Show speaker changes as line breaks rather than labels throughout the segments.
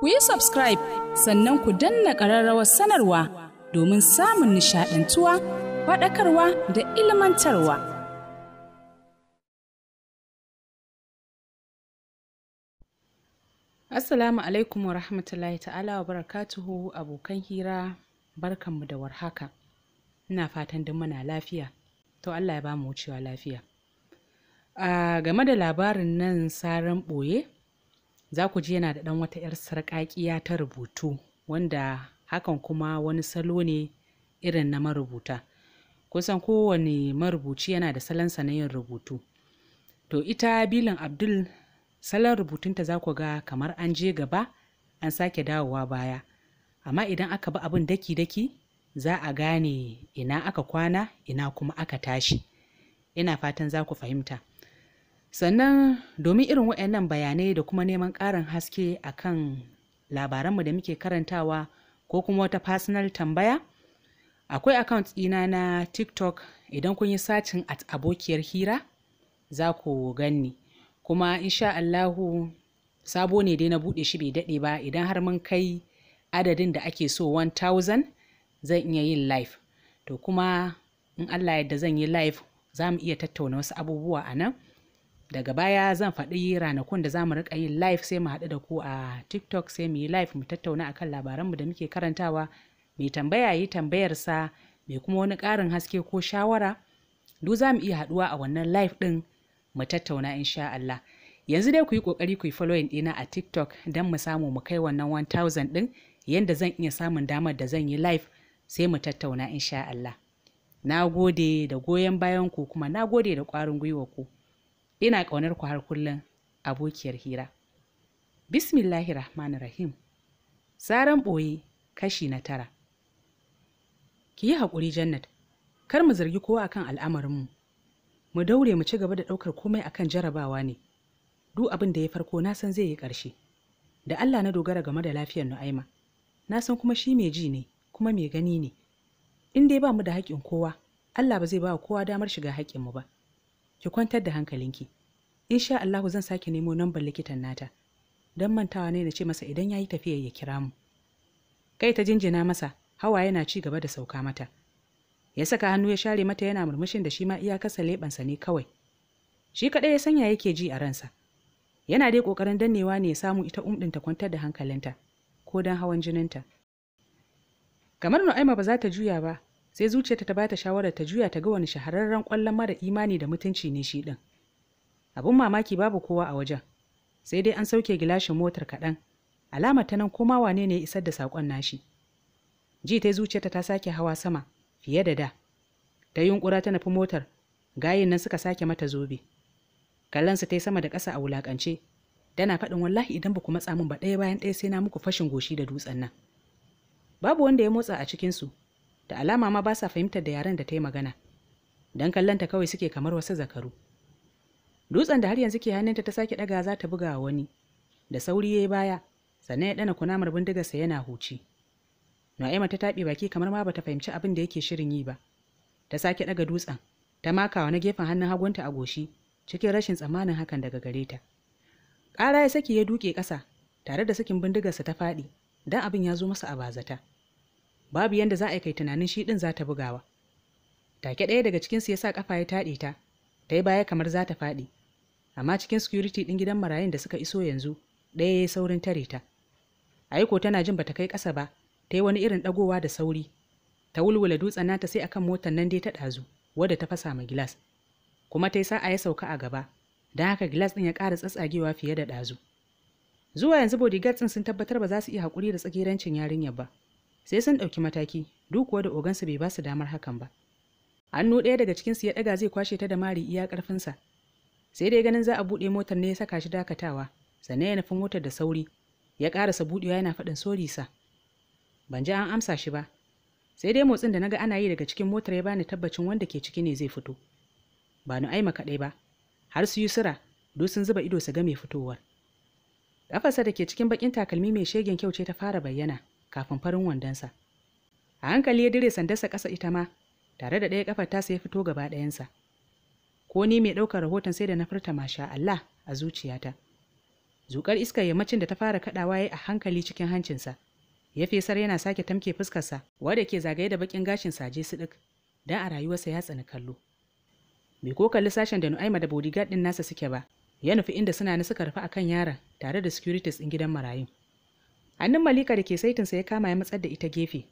ku yi subscribe sannan ku danna ƙararrawar sanarwa domin samun nishaɗantuwa faɗakarwa da ilmantarwa. Assalamu alaikum wa rahmatullahi ta'ala wa barakatuhu abokan hira barkanmu da warhaka. Ina fatan duk muna lafiya, to Allah ya ba mu wucewa lafiya. A ah, game da labarin nan saran ɓoye, za ku ji yana da ɗan wata 'yar sarƙaƙiya ta rubutu wanda hakan kuma wani salo ne irin na marubuta kusan kowane marubuci yana da salansa na yin rubutu to ita bilin abdul salon rubutunta za ku ga kamar an je gaba an sake dawowa baya amma idan aka bi abin daki-daki za a gane ina aka kwana ina kuma aka tashi ina fatan za ku fahimta sannan domin irin waɗannan bayanai da kuma neman ƙarin haske a kan labaranmu da muke karantawa ko kuma wata personal tambaya akwai account ɗina na tiktok idan kun yi sacin at abokiyar hira za ku ganni kuma insha allahu sabo ne dai na buɗe shi bai daɗe ba idan har mun kai adadin da ake so 1000 zan iya yin live to kuma in allah yadda zan yi live za mu iya tattauna wasu abubuwa a nan daga baya zan faɗi ranakun da za mu riƙa yin live sai mu haɗu da ku a tiktok sai mu yi live mu tattauna akan labaranmu da muke karantawa mai tambaya yi tambayarsa mai kuma wani ƙarin haske ko shawara duk za mu iya haɗuwa a wannan live ɗin mu tattauna insha Allah yanzu dai ku yi ƙoƙari ku yi following ɗina a tiktok don mu samu mu kai wannan 1000 ɗin yanda zan iya samun damar da zan yi live sai mu tattauna insha Allah na gode da goyon bayan ku kuma na gode da ƙwarin gwiwa ku ina ƙaunar ku har kullum abokiyar hira bismillahir rahman rahim Saran ɓoye kashi na tara ki yi haƙuri jannat kar mu zargi kowa akan al'amarinmu mu daure mu ci gaba da ɗaukar komai akan jarabawa ne duk abin da ya farko na san zai yi ƙarshe da allah na dogara game da lafiyar nu'aima na san kuma shi mai ji ne kuma mai gani ne in dai ba mu da haƙƙin kowa allah ba zai ba kowa damar shiga haƙƙinmu ba ki kwantar da hankalinki In sha Allahu zan sake nemo nambar likitan nata don mantawa ne na ce masa idan ya yi tafiya ya kira mu kai ta jinjina masa hawa yana ci gaba da sauka mata ya saka hannu ya share mata yana murmushin da shi ma iya kasa sa ne kawai shi kaɗai ya sanya yake ji a ransa yana dai ƙoƙarin dannewa ne ya samu ita umɗin ta kwantar da hankalinta ko don hawan jininta kamar nu'aima ba za ta juya ba sai zuciyarta ta bata shawarar ta juya ta ga wani shahararren kwallon mara imani da mutunci ne shi ɗin abin mamaki babu kowa a wajen sai dai an sauke gilashin motar kaɗan alama ta nan koma wane ne isar da saƙon nashi ji ta zuciyarta ta sake hawa sama fiye da da ta yunkura ta nufi motar gayin nan suka sake mata zobe kallonsu ta yi sama da ƙasa a wulaƙance dana faɗin wallahi idan ba ku matsa min ba ɗaya bayan ɗaya sai na muku fashin goshi da dutsen nan babu wanda ya motsa a cikinsu da alama ma ba sa fahimtar da yaren da ta yi magana don kallonta kawai suke kamar wasu zakaru dutsen da har yanzu ke hannunta ta sake daga za ta buga wani da sauri ya yi baya sannan ya ɗana kunamar bindigarsa yana huci Na'ima ta tabi baki kamar ma bata fahimci abin da yake shirin yi ba ta sake ɗaga dutsen ta makawa na gefen hannun hagunta a goshi cikin rashin tsammanin hakan daga gare ta ƙara ya saki ya duke ƙasa tare da sakin bindigar sa ta faɗi dan abin ya zo masa a bazata babu yadda za a kai tunanin shi ɗin za ta bugawa take ɗaya daga cikinsu ya sa ƙafa ya taɗe ta ta yi baya kamar za ta faɗi amma cikin security ɗin gidan marayun da suka iso yanzu ɗaya ya yi saurin tare ta aiko tana jin bata kai ƙasa ba ta yi wani irin ɗagowa da sauri ta wulwula dutsen nata sai akan motar nan dai ta ɗazu wadda ta fasa ma gilas kuma ta yi sa'a ya sauka a gaba don haka gilas ɗin ya ƙara tsatsagewa fiye da ɗazu zuwa yanzu bodyguards ɗin sun tabbatar ba za su iya haƙuri da tsagerancin yarinyar ba sai sun ɗauki mataki duk kuwa da ogansu bai ba su damar hakan ba hannu ɗaya daga cikinsu ya ɗaga zai kwashe ta da mari iya ƙarfinsa sai dai ganin za a buɗe motar ne ya saka shi dakatawa sannan ya nufi motar da sauri ya ƙarasa buɗewa yana faɗin sori sa ban ji an amsa shi ba sai dai motsin da na ga ana yi daga cikin motar ya bani tabbacin wanda ke ciki ne zai fito ba ni aima kaɗai ba har su yi sura, duk sun zuba ido su ga mai fitowar ƙafarsa da ke cikin baƙin takalmi mai shegen kyau ce ta fara bayyana kafin farin wandonsa a hankali ya dire sandarsa ƙasa ita ma tare da ɗaya ƙafar tasa ya fito gaba ɗayansa ko ni mai ɗaukar rahoton sai da na furta masha Allah a zuciyata zukar iskar yammacin da ta fara kaɗawa ya a hankali cikin hancinsa ya fesar yana sake tamke fuskarsa wadda ke zagaye da baƙin gashin saje su sidik don a rayuwarsa ya tsani kallo bai ko kalli sashen da nu'aima da bodyguard ɗin nasa suke ba ya nufi inda suna ni suka rufe akan yaron tare da securities din gidan marayu. hannun malika da ke saitinsa ya kama ya matsar da ita gefe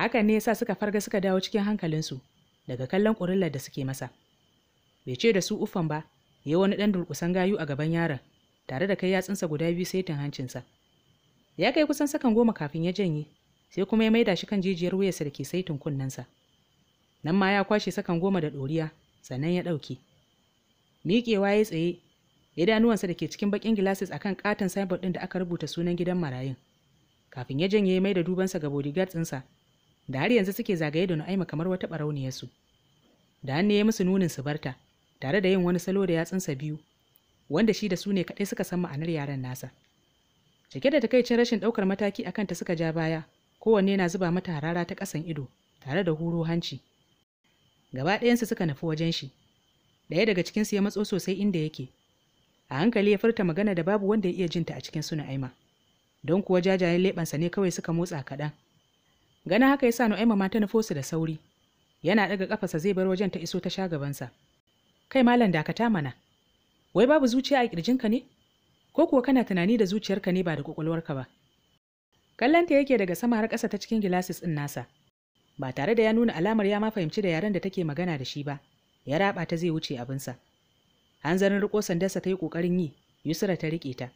hakan ne ya sa suka farga suka dawo cikin hankalinsu daga kallon ƙurillar da suke masa bai ce da su ufan ba ya wani ɗan durƙusan gayu a gaban yaron tare da kai yatsunsa guda biyu saitin hancinsa ya kai kusan sakan goma kafin ya janye sai kuma ya maida shi kan jijiyar wuyarsa da ke saitin kunnensa nan ma ya kwashe sakan goma da ɗoriya sannan ya ɗauke miƙewa ya tsaye idanuwansa da ke cikin bakin gilasis akan katon signboard ɗin da aka rubuta sunan gidan marayun kafin ya janye ya maida dubansa ga bodyguards ɗinsa da har yanzu suke zagaye da nu'aima kamar wata barauniyarsu. da hannu ya musu nunin su barta tare da yin wani salo da yatsunsa biyu wanda shi da su ne kaɗai suka san ma'anar yaren nasa cike da takaicin rashin ɗaukar mataki akan ta suka ja baya kowanne na zuba mata harara ta ƙasan ido tare da huro hanci gaba ɗayansu suka nufi wajen shi ɗaya daga cikinsu ya matso sosai inda yake a hankali ya furta magana da babu wanda ya iya jinta a cikin suna aima don kuwa jajayen leɓensa ne kawai suka motsa kaɗan Ganin haka ya sa nu'aima ma ta nufo su da sauri yana ɗaga ƙafasa zai bar wajen ta iso ta sha gabansa kai malam dakata mana wai babu zuciya a kirjinka ne ko kuwa kana tunani da zuciyarka ne ba da kwakwalwarka ba ta yake daga sama har ƙasa ta cikin gilasis ɗin nasa ba tare da ya nuna alamar ya ma fahimci da yaren da take magana da shi ba ya raba ta zai wuce abinsa hanzarin riko sandarsa ta yi ƙoƙarin yi yusra ta riƙe ta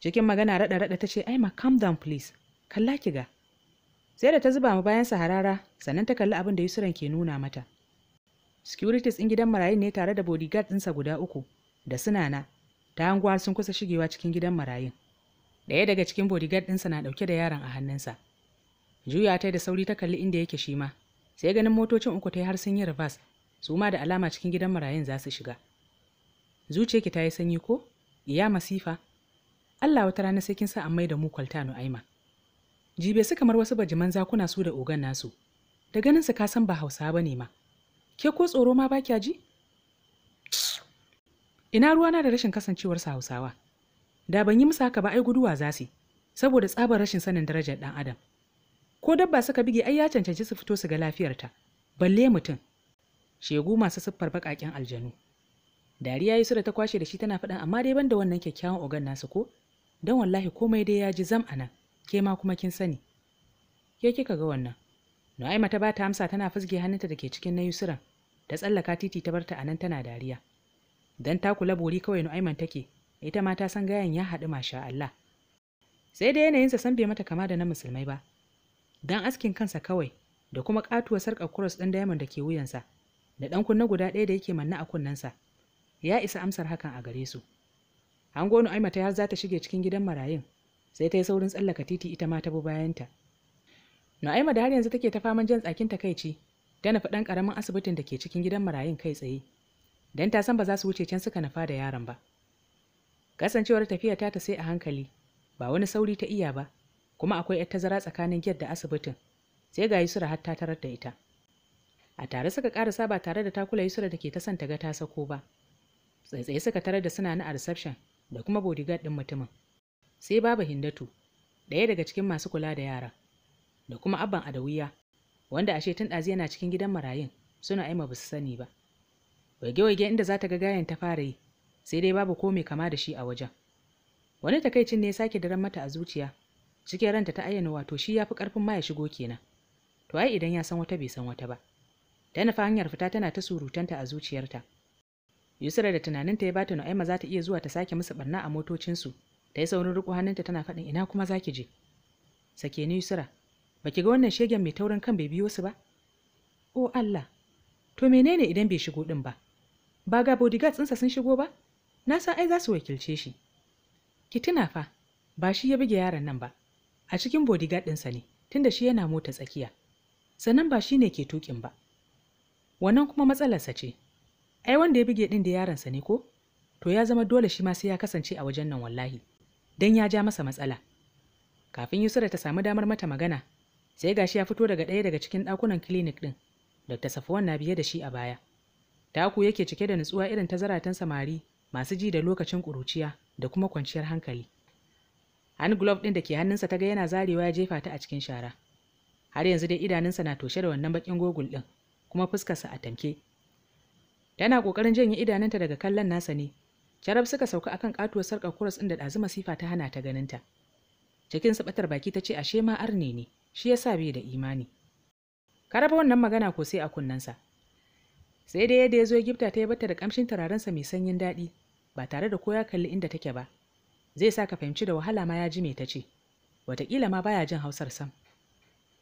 cikin magana raɗa raɗa ta ce ai ma calm down please kalla ki ga sai da ta zuba mu bayan harara sannan ta kalli abin da yusran ke nuna mata Securities ɗin gidan marayun ne tare da bodyguard ɗinsa guda uku da suna na ta hanguwa sun kusa shigewa cikin gidan marayun. Ɗaya daga cikin bodyguard ɗinsa na ɗauke da yaron a hannunsa. Juya ta da sauri ta kalli inda yake shi ma, sai ganin motocin uku ta yi har sun yi reverse, su ma da alama cikin gidan marayun za su shiga. Zuciyarki ta yi sanyi ko? Iya masifa. Allah wata rana sai kin sa an mai da mu kwalta aima. Jibe su kamar wasu bajiman zakuna su da ogan nasu. Da ganin su ka san ba Hausa ba ne ma. Ke ko tsoro ma ba kya ji? Ina ruwa na da rashin kasancewar su Hausawa. Da ban yi musu haka ba ai guduwa za su saboda tsabar rashin sanin darajar dan adam. Ko dabba suka bige ai ya cancanci su fito su ga lafiyarta, balle mutum. Shegu masu siffar baƙaƙen aljanu. Dariya yi su da ta kwashe da shi tana faɗin amma dai ban da wannan kyakkyawan ogan nasu ko? dan wallahi komai dai ya ji zam a ke ma kuma kin sani. Ke kika ga wannan? Nu'aima ta bata amsa tana fizge hannunta da ke cikin na Yusuran, ta tsallaka titi ta barta a nan tana dariya. Dan ta kula bori kawai Nu'aiman take, ita ma ta san gayan ya haɗu masha Allah. Sai da yanayinsa san bai mata kama da na musulmai ba. Dan askin kansa kawai da kuma ƙatuwar sarƙar kuros ɗin diamond da ke wuyansa da ɗan kunna guda ɗaya da yake manna a kunnensa. Ya isa amsar hakan a gare su. Hango Aima ta har za ta shige cikin gidan marayun, sai ta yi saurin tsallaka titi ita ma ta bi bayanta. Na'ima da har yanzu take ta faman jin tsakin takaici, ta nufi ɗan ƙaramin asibitin da ke cikin gidan marayun kai tsaye, don ta san ba za su wuce can suka nafa da yaron ba. Kasancewar tafiya ta ta sai a hankali, ba wani sauri ta iya ba, kuma akwai ‘yar tazara tsakanin giyar da asibitin, sai ga Yusra har ta tarar da ita. A tare suka ƙarasa ba tare da takula Yusra da ke ta son ta ga ta sako ba. Tsaitsaye suka tarar da suna na a reception da kuma bodyguard ɗin mutumin. Sai babu Hindatu, ɗaya daga cikin masu kula da yaran. da kuma abban adawiya wanda ashe tun ɗazi yana cikin gidan marayun suna aima ba su sani ba wage-wage inda za ta ga gayan ta fara yi sai dai babu ko mai kama da shi a wajen wani takaicin ne ya sake daren mata a zuciya cikin ranta ta ayyana wato shi ya fi ƙarfin ma ya shigo kenan to ai idan ya san wata bai san wata ba ta nufa hanyar fita tana ta surutanta a zuciyarta yusra da tunaninta ya bata nu'aima za ta iya zuwa ta sake musu barna a motocinsu ta yi saurin riko hannunta tana faɗin ina kuma za ki je sake ni yusra ba ki ga wannan shegen mai taurin kan bai biyo su ba o allah to menene idan bai shigo ɗin ba ba ga bodyguard tsinsa sun shigo ba na san ai za su wakilce shi ki tuna fa ba shi ya buge yaron nan ba a cikin bodyguard ɗinsa ne tunda shi yana mota tsakiya sannan ba shi ne ke tukin ba wannan kuma matsalarsa ce ai wanda ya buge ɗin da yaronsa ne ko to ya zama dole shi ma sai ya kasance a wajen nan wallahi Dan ya ja masa matsala kafin yusra ta samu damar mata magana sai gashi ya fito daga ɗaya daga cikin ɗakunan clinic ɗin dr safuwan na biye da shi a baya taku yake cike da nutsuwa irin ta zaratan samari masu ji da lokacin ƙuruciya da kuma kwanciyar hankali hand glove ɗin da ke hannunsa ta ga yana zarewa ya jefa ta a cikin shara har yanzu dai idanunsa na toshe da wannan bakin gogul ɗin kuma fuskarsa a tamke tana ƙoƙarin janye idanunta daga kallon nasa ne Sharaf suka sauka akan katuwar sarƙar kuras ɗin da ɗazu masifa ta hana ta ganinta. Cikin sabatar baki ta ce ashe ma arne ne. shi yasa bai da imani ka raba wannan magana ko sai a kunnensa sai dai yadda ya zo gifta ta yi bata da kamshin turarensa mai sanyin daɗi ba tare da ko ya kalli inda take ba zai sa ka fahimci da wahala ma ya ji mai ta ce wataƙila ma baya jin hausar sam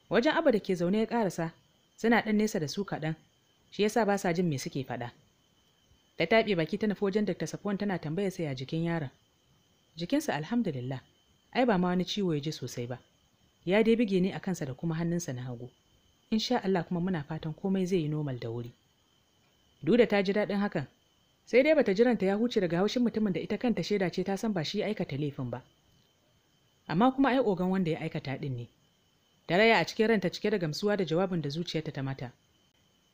wajen abu da ke zaune ya ƙarasa suna ɗan nesa da su kaɗan shi ya sa ba sa jin me suke faɗa ta taɓe baki ta nufi wajen Dokta safuwan tana tambayar sai ya jikin yaron jikinsa alhamdulillah ai ba ma wani ciwo ya ji sosai ba ya dai bige ne a kansa da kuma hannunsa na hagu sha Allah kuma muna fatan komai zai yi normal da wuri duda ta ji daɗin hakan sai dai bata jiranta ya huce daga haushin mutumin da ita kanta shaida ce ta san ba shi aikata laifin ba amma kuma ai ogan wanda ya aikata din ne raya a cikin ranta cike da gamsuwa da jawabin da zuciyarta ta mata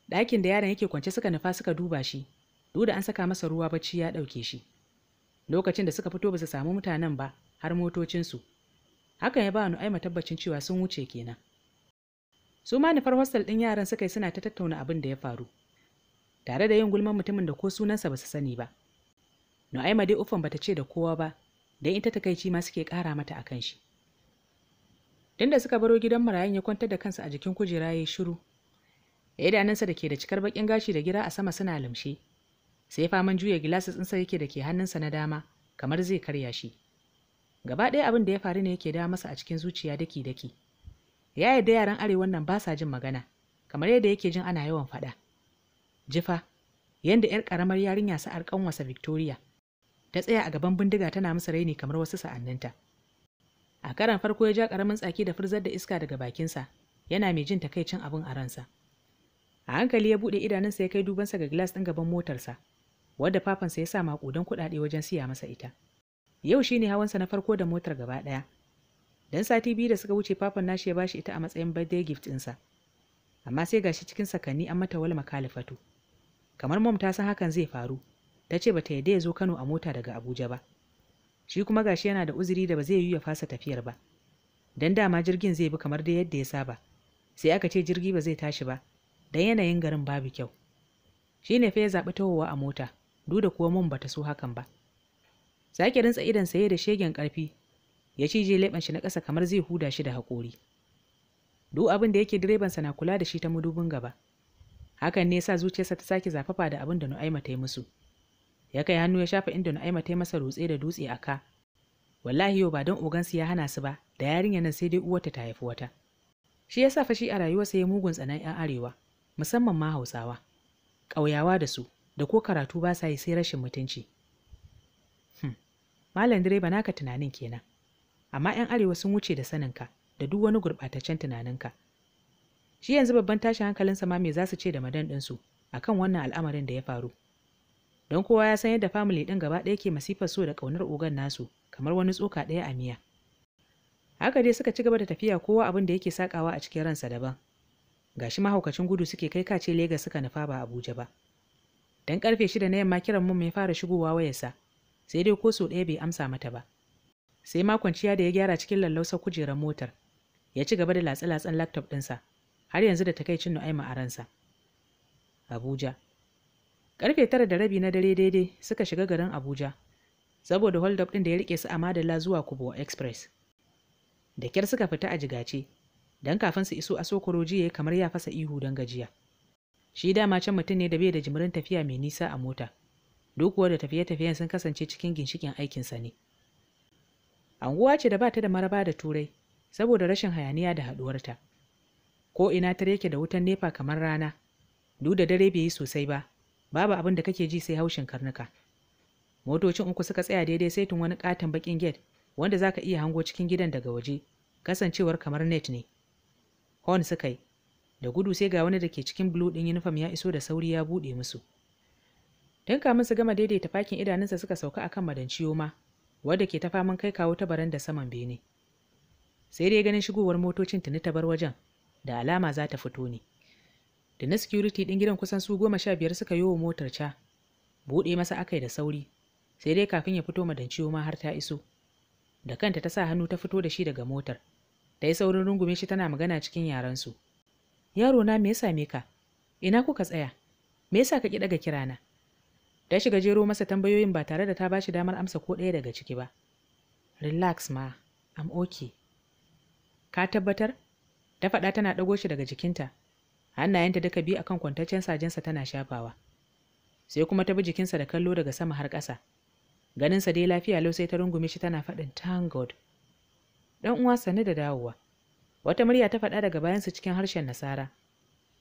ɗakin da yaron yake kwance suka nufa suka duba shi duk da an saka masa ruwa bacci ya ɗauke shi lokacin da suka fito ba su samu mutanen ba har motocinsu hakan ya ba nu'aima tabbacin cewa sun wuce kenan su ma nufar hostel ɗin yaran suka yi suna ta tattauna abin da ya faru tare da yin gulman mutumin da ko sunansa ba su sani ba nu'aima dai ufan bata ce da kowa ba don ita takaici ma suke ƙara mata a kan shi tunda suka baro gidan marayan ya kwantar da kansa a jikin kujera ya yi shiru da idanunsa da ke da cikar bakin gashi da gira a sama suna lamshe sai faman juya gilasis ɗinsa yake da ke hannunsa na dama kamar zai karya shi gaba ɗaya abin da ya faru ne yake dawo masa a cikin zuciya daki daki ya yarda yaran arewan nan ba sa jin magana kamar yadda yake jin ana yawan faɗa jifa yanda yar karamar yarinya sa'ar kanwasa victoria ta tsaya a gaban bindiga tana masa raini kamar wasu sa'anninta a karan farko ya ja karamin tsaki da furzar da iska daga bakinsa yana mai jin takaicin abin a ransa a hankali ya buɗe idanunsa ya kai dubansa ga gilas ɗin gaban motarsa wadda fafansa ya sa maƙudan kuɗaɗe wajen siya masa ita yau shine hawansa na farko da motar gaba ɗaya dan sati biyu da suka wuce papan nashi ya bashi ita a matsayin birthday gift sa amma sai gashi cikin sakanni an mata wal makalifatu kamar mom ta san hakan zai faru ta ce bata yadda ya zo Kano a mota daga Abuja ba shi kuma gashi yana da uzuri da ba zai yi ya fasa tafiyar ba dan dama jirgin zai bi kamar da yadda ya saba sai aka ce jirgi ba zai tashi ba dan yanayin garin babu kyau shine fa ya zaɓi tawowa a mota duk da kuwa mom bata so hakan ba Zaki rintsa idan saye da shegen ƙarfi, ya cije leɓen shi na ƙasa kamar zai huda shi da haƙori. Duk abin da yake direban sa na kula da shi ta mudubin gaba. Hakan ne sa zuciyarsa ta sake zafafa da abin da Nu'aima ta yi musu. Ya kai hannu ya shafa inda Nu'aima ta yi masa rutse da dutse a ka. Wallahi yau ba don ogansu ya hana su ba, da yarinyar nan sai dai uwarta ta haifi wata. Shi yasa sa fashi a rayuwarsa ya mugun tsanan 'yan arewa, musamman ma Hausawa. Ƙauyawa da su, da ko karatu ba sa yi sai rashin mutunci. malam direba naka tunanin kenan amma 'yan arewa sun wuce da saninka da duk wani gurɓataccen tunaninka shi yanzu babban tashin hankalinsa ma me za su ce da madan a akan wannan al'amarin da ya faru don kowa ya san yadda famili ɗin gaba ɗaya ke masifar so da ƙaunar ogan nasu kamar wani tsoka ɗaya a miya haka dai suka ci gaba da tafiya kowa abin da yake sakawa a cikin ransa daban Ga shi mahaukacin gudu suke kai kace Legas suka nufa ba Abuja ba dan karfe shida na yamma kiran mun ya fara shigowa wayarsa sai dai ko sau ɗaya bai amsa mata ba sai ma kwanciya da ya gyara cikin lallausa kujerar motar ya ci gaba da latsa-latsan laptop ɗinsa har yanzu da takaicin nu'aima a ransa abuja karfe tara da rabi na dare daidai suka shiga garin abuja saboda hold ɗin da ya rike su a madalla zuwa kubo express da kyar suka fita a jigace don kafin su iso a sokoro jiya, kamar ya fasa ihu don gajiya shi dama can mutum ne da bai da jimirin tafiya mai nisa a mota duk da tafiye-tafiyen sun kasance cikin ginshikin aikinsa ne anguwa ce da ba ta da maraba da turai saboda rashin hayaniya da haɗuwarta ko ina tare yake da wutan nepa kamar rana duk da dare bai yi sosai ba babu abin da kake ji sai haushin karnuka motocin uku suka tsaya daidai sai tun wani katon bakin gate wanda za ka iya hango cikin gidan daga waje kasancewar kamar net ne horn suka yi da gudu sai ga wani da ke cikin blue ɗin uniform ya iso da sauri ya buɗe musu tun kamin su gama daidaita fakin idanunsa suka sauka akan madanciyo ma wadda ke ta faman kai kawo ta baranda saman bene sai dai ganin shigowar motocin tuni ta bar wajen da alama za ta fito ne da na security din gidan kusan su goma sha biyar suka yi wa motar ca buɗe masa akai da sauri sai dai kafin ya fito madanciyo ma har ta iso da kanta ta sa hannu ta fito da shi daga motar ta yi saurin rungume shi tana magana cikin yarensu yaro na me ya same ka ina kuka tsaya me yasa ka ki daga kirana da shiga jero masa tambayoyin ba tare da ta bashi damar amsa ko ɗaya daga ciki ba relax ma am okay ka tabbatar ta faɗa tana ɗago shi daga jikinta hannayenta duka biyu akan kwantaccen sajensa tana shafawa sai kuma ta bi jikinsa da kallo daga sama har ƙasa ganinsa dai lafiya lau sai ta rungume shi tana faɗin thank god Ɗan uwa sani da dawowa wata murya ta faɗa daga bayansu cikin harshen nasara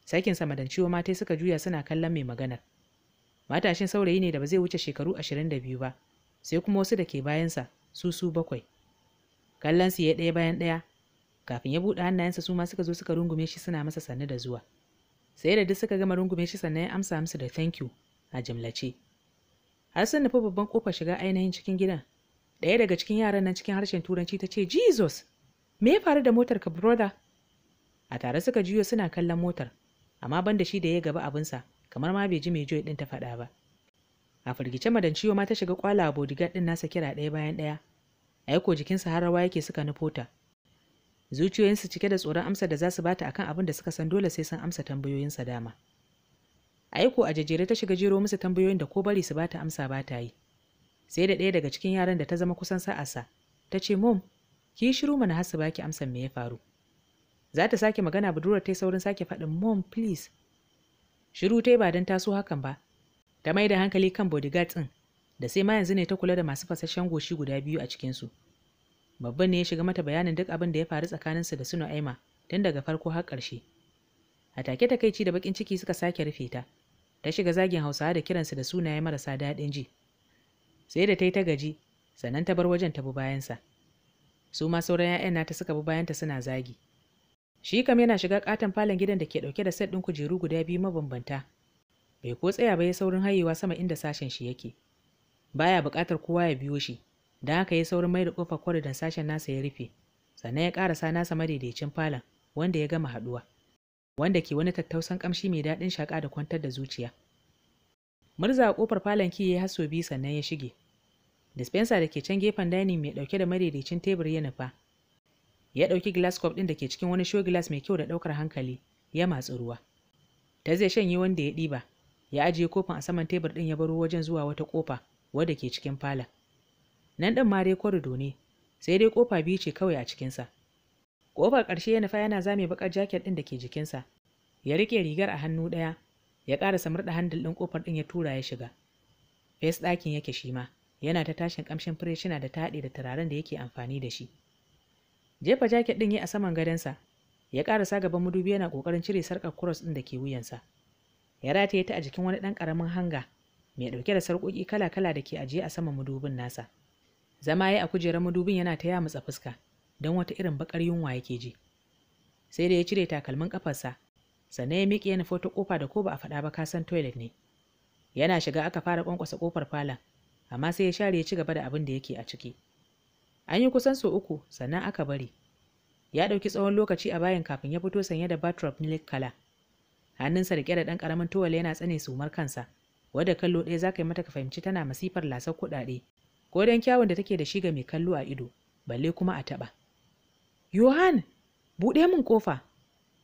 sakinsa madanciwo matai suka juya suna kallon mai maganar matashin saurayi ne da ba zai wuce shekaru ashirin da biyu ba sai kuma wasu da ke bayansa su su bakwai kallon su ya ɗaya bayan ɗaya kafin ya buɗe hannayensa su ma suka zo suka rungume shi suna masa sannu da zuwa sai da duk suka gama rungume shi sannan ya amsa musu da thank you a jimlace har sun nufi babban kofar shiga ainihin cikin gidan ɗaya daga cikin yaran nan cikin harshen turanci ta ce jesus me ya faru da motar ka brother a tare suka juyo suna kallon motar amma banda shi da ya gaba abinsa kamar ma bai ji mai joy din ta faɗa ba a firgice madan ciwo ma ta shiga kwala a bodyguard din nasa kira ɗaya bayan ɗaya aiko jikinsa har rawa yake suka nufo ta zuciyoyinsu cike da tsoron amsa da za su bata akan abin da suka san dole sai sun amsa tambayoyinsa dama aiko a jejjere ta shiga jero musu tambayoyin da ko bari su bata amsa ba ta yi sai da ɗaya daga cikin yaran da ta zama kusan sa'asa ta ce mom ki yi shiru mana har su baki amsan me ya faru za ta sake magana budurwar ta yi saurin sake faɗin mom please Shiru ta yi ba don taso hakan ba. Ta mai da hankali kan bodyguard ɗin da sai ma yanzu ne ta kula da masu fasashen goshi guda biyu a cikinsu. Babban ne ya shiga mata bayanin duk abin da ya faru tsakaninsu da su Aima tun daga farko har ƙarshe. A take takaici da bakin ciki suka sake rufe ta. Ta shiga zagin Hausawa da kiransu da sunaye marasa daɗin ji. Sai da ta yi ta gaji, sannan ta bar wajen ta bi bayansa. Su ma sauran 'ya'yan nata suka bi bayanta suna zagi. Shi kam yana shiga katon falon gidan da ke dauke da set ɗin kujeru guda biyu mabambanta. Bai ko tsaya ba ya saurin hayewa sama inda sashen shi yake. Baya buƙatar kowa ya biyo shi, da haka ya saurin mai da kofa koridan sashen nasa ya rufe, sannan ya sa nasa madaidaicin falon wanda ya gama haɗuwa. Wanda ke wani tattausan kamshi mai daɗin shaka da kwantar da zuciya. Murza a ƙofar falon ki ya haso biyu sannan ya shige. Dispensa da ke can gefen dining mai ɗauke da madaidaicin tebur ya nufa, ya ɗauki glass cup ɗin da ke cikin wani show glass mai kyau da ɗaukar hankali ya matsi ruwa ta zai shanye wanda ya ɗiba ya ajiye kofin a saman tebur ɗin ya baro wajen zuwa wata ƙofa wadda ke cikin fala nan ɗin ma dai kwarido ne sai dai ƙofa biyu ce kawai a cikinsa ƙofar ƙarshe ya nufa yana zame baƙar jaket ɗin da ke jikinsa ya riƙe rigar a hannu ɗaya ya ƙara samar da handil ɗin ƙofar ɗin ya tura ya shiga fes ɗakin yake shi ma yana ta tashin ƙamshin fireshina da ta da turaren da yake amfani da shi jefa jaket ɗin ya a saman gadonsa ya ƙarasa gaban madubi yana ƙoƙarin cire sarƙar kuros ɗin da ke wuyansa ya rataye ta a jikin wani ɗan ƙaramin hanga mai ɗauke da sarƙoƙi kala-kala da ke ajiye a saman madubin nasa zama ya a kujerar madubin yana ta yamutsa fuska don wata irin baƙar yunwa yake ji sai da ya cire takalmin ƙafarsa sannan ya miƙe yana foto ƙofa da ko ba a faɗa ba kasan toilet ne yana shiga aka fara ƙwanƙwasa ƙofar falon amma sai ya share ya ci gaba da abin da yake a ciki an yi kusan sau uku sannan aka bari ya ɗauki tsawon lokaci a bayan kafin ya fito sanye da batrop milk kala hannunsa da da ɗan ƙaramin towal yana tsane sumar kansa wadda kallo ɗaya za ka yi mata ka fahimci tana masifar lasar kuɗaɗe ko don kyawun da take da shi ga mai kallo a ido balle kuma a taɓa yohan buɗe min ƙofa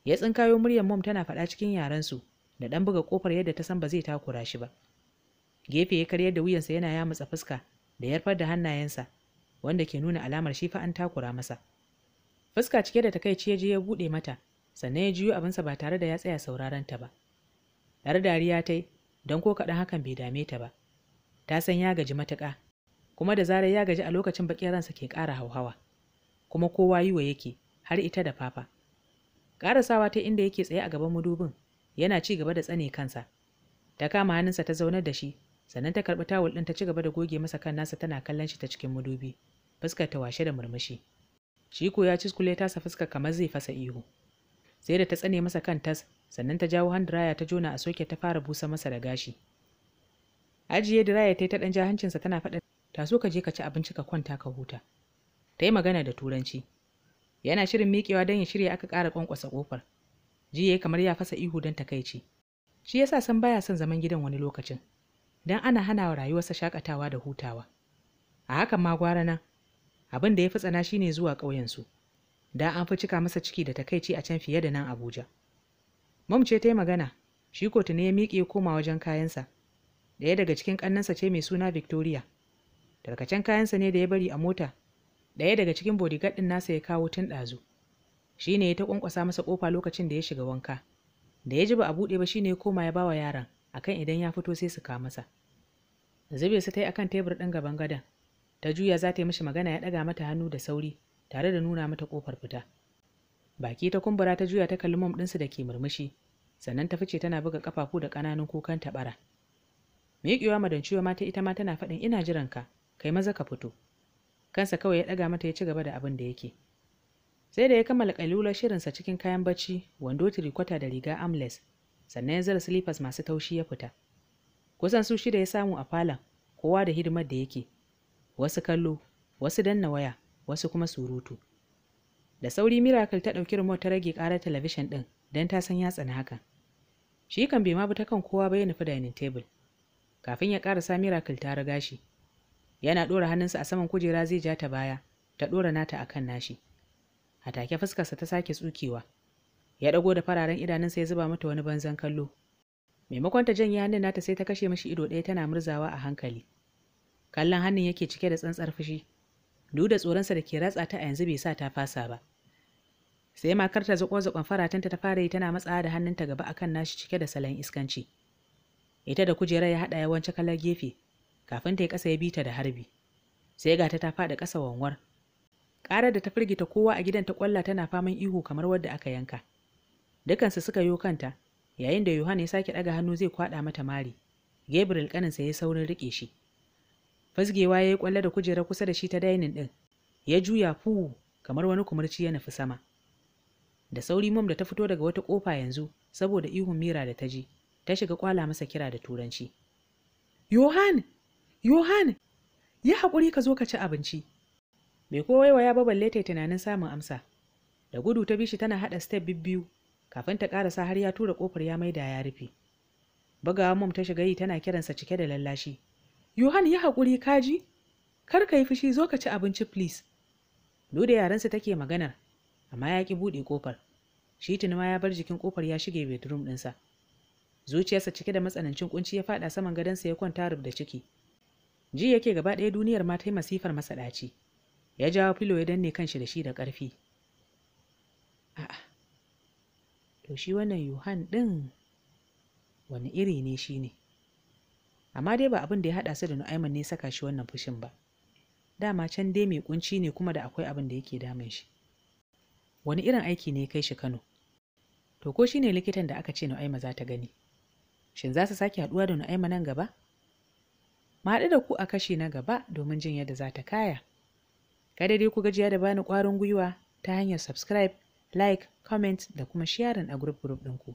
ya tsinkayo muryar mom tana faɗa cikin yarensu da ɗan buga kofar yadda ta san ba zai takura shi ba gefe ya karyar da wuyansa yana yamutsa fuska da yarfar da hannayensa wanda ke nuna alamar shi fa an takura masa fuska cike da takaici ya je ya buɗe mata sannan ya juyo abinsa ba tare da ya tsaya sauraron ta ba yar dariya ta yi don ko kaɗan hakan bai dame ta ba ta san ya gaji matuƙa kuma da zarar ya gaji a lokacin baƙin ransa ke ƙara hauhawa kuma kowa yiwa yake har ita da fafa ƙarasawa ta inda yake tsaye a gaban mudubin yana ci gaba da tsane kansa ta kama hannunsa ta zaunar da shi sannan ta karɓi tawul ɗin ta ci gaba da goge masa kan nasa tana kallon shi ta cikin madubi fuskar ta washe da murmushi shi ko ya ciskule tasa fuskar kamar zai fasa ihu sai da ta tsane masa kan tas sannan ta jawo handiraya ta jona a soke ta fara busa masa da gashi ajiye diraya ta yi ta ɗan ja hancinsa tana faɗa ta so ka je ka ci abinci ka kwanta ka huta ta yi magana da turanci yana shirin miƙewa don ya shirya aka ƙara ƙwanƙwasa ƙofar jiya kamar ya fasa ihu don takaici shi yasa san baya son zaman gidan wani lokacin don ana hana wa rayuwarsa shakatawa da hutawa a hakan ma gwara nan abin da ya fi tsana shine zuwa ƙauyensu da an fi cika masa ciki da takaici a can fiye da nan abuja mam ce ta yi magana shi ko tuni ya miƙe koma wajen kayansa ɗaya daga cikin ƙannansa ce mai suna victoria tarkacen kayansa ne da ya bari a mota ɗaya daga cikin bodyguard ɗin nasa ya kawo tun ɗazu shi ne ya ta ƙwanƙwasa masa ƙofa lokacin da ya shiga wanka da ya ji ba a buɗe ba shi ne ya koma ya bawa yaran akan idan ya fito sai su ka masa zube su ta yi akan tebur ɗin gaban gadon ta juya za ta yi mishi magana ya ɗaga mata hannu da sauri tare da nuna mata ƙofar fita baki ta kumbura ta juya ta kalli mom ɗinsu da ke murmushi sannan ta fice tana buga ƙafafu da ƙananun kukan taɓara miƙewa madanciwa mata ita ma tana faɗin ina jiran ka kai maza ka fito kansa kawai ya ɗaga mata ya ci gaba da abin da yake sai da ya kammala ƙalular shirinsa cikin kayan bacci wando tirikwata da riga amles sannan ya zara silifas masu taushi ya fita kusan su shida ya samu a falon kowa da hidimar da yake wasu kallo wasu danna waya wasu kuma surutu da sauri miracle ta ɗauki remote ta rage ƙarar talabishin ɗin don ta san ya tsana hakan shi kan bai ma bi ta kan kowa ba ya nufi dining table kafin ya ƙarasa miracle ta riga shi yana ɗora hannunsa a saman kujera zai ja ta baya ta ɗora nata kan nashi a take fuskarsa ta sake tsukewa ya ɗago da fararen idanunsa ya zuba mata wani banzan kallo maimakon ta janye hannun nata sai ta kashe mashi ido ɗaya tana murzawa a hankali kallon hannun yake cike da tsantsar fushi duk da tsoronsa da ke ratsa ta a yanzu bai sa ta fasa ba sai makar ta zuƙo zuƙon faratanta ta fara yi tana matsawa da hannunta gaba akan nashi cike da salon iskanci ita da kujerar ya haɗa yawanci kalar gefe kafin ta yi ƙasa ya bi ta da harbi sai ga ta ta faɗa ƙasa wanwar ƙarar da ta firgita kowa a gidan ta ƙwalla tana faman ihu kamar wadda aka yanka dukansu suka yo kanta yayin da yohana ya sake ɗaga hannu zai kwaɗa mata mari gabriel ƙaninsa ya saurin riƙe shi fasgewa ya yi kwallo da kujera kusa da shi ta dainin ɗin ya juya fu kamar wani kumurci ya nufi sama da sauri mom da ta fito daga wata ƙofa yanzu saboda ihun mira da ta ji ta shiga kwala masa kira da turanci yohan yohan yi haƙuri ka zo ka ci abinci bai kowai ya ba balle ta tunanin samun amsa da gudu ta bishi tana haɗa step bibbiyu kafin ta ƙarasa har ya tura ƙofar ya maida ya rufe bugawa mom ta shiga yi tana kiransa cike da lallashi Yohan yi haƙuri kaji? Kar ka yi fushi zo ka ci abinci please. Duda yarensa take maganar, amma ya ƙi buɗe ƙofar. Shi tuni ma ya bar jikin ƙofar ya shige bedroom ɗinsa. Zuciyarsa cike da matsanancin kunci ya faɗa saman gadonsa ya kwanta rubda ciki. Ji yake gaba ɗaya duniyar ma ta yi masifar masa ɗaci. Ya jawo filo ya danne kanshi da shi da ƙarfi. A'a. To shi wannan Yohan ɗin wani iri ne shi ne? amma dai ba abin da ya haɗa su da Nu'aiman ne saka shi wannan fushin ba dama can dai mai kunci ne kuma da akwai abin da yake damun shi wani irin aiki ne ya kai shi Kano to ko shine likitan da aka ce Nu'aima za ta gani shin za su sake haɗuwa da Nu'aima nan gaba ma haɗu da ku a kashi na gaba domin jin yadda za ta kaya kada dai ku gajiya da bani ƙwarin gwiwa ta hanyar subscribe like comment da kuma sharing a group group ɗinku.